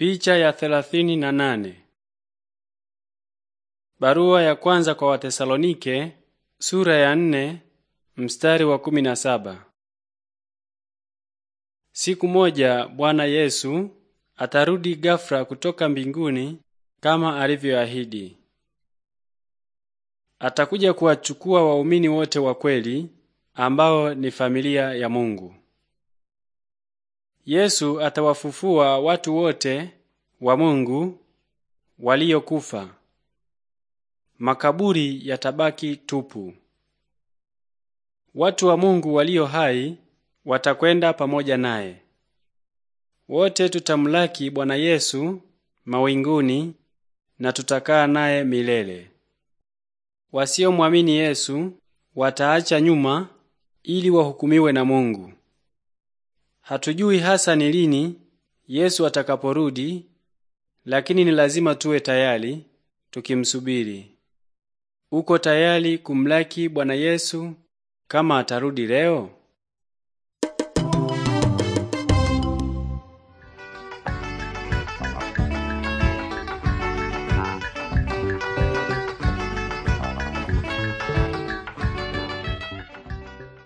Picha ya 38. na Barua ya kwanza kwa Watesalonike sura ya 4 mstari wa 17. Siku moja Bwana Yesu atarudi ghafla kutoka mbinguni kama alivyoahidi. Atakuja kuwachukua waumini wote wa kweli ambao ni familia ya Mungu. Yesu atawafufua watu wote wa Mungu waliokufa. Makaburi yatabaki tupu. Watu wa Mungu walio hai watakwenda pamoja naye. Wote tutamlaki Bwana Yesu mawinguni na tutakaa naye milele. Wasiomwamini Yesu wataacha nyuma ili wahukumiwe na Mungu. Hatujui hasa ni lini Yesu atakaporudi, lakini ni lazima tuwe tayari tukimsubiri. Uko tayari kumlaki Bwana Yesu kama atarudi leo?